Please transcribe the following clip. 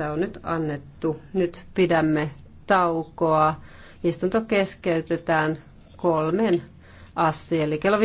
Äänestyksestä on nyt annettu. Nyt pidämme taukoa. Istunto keskeytetään kolmen asti, eli kello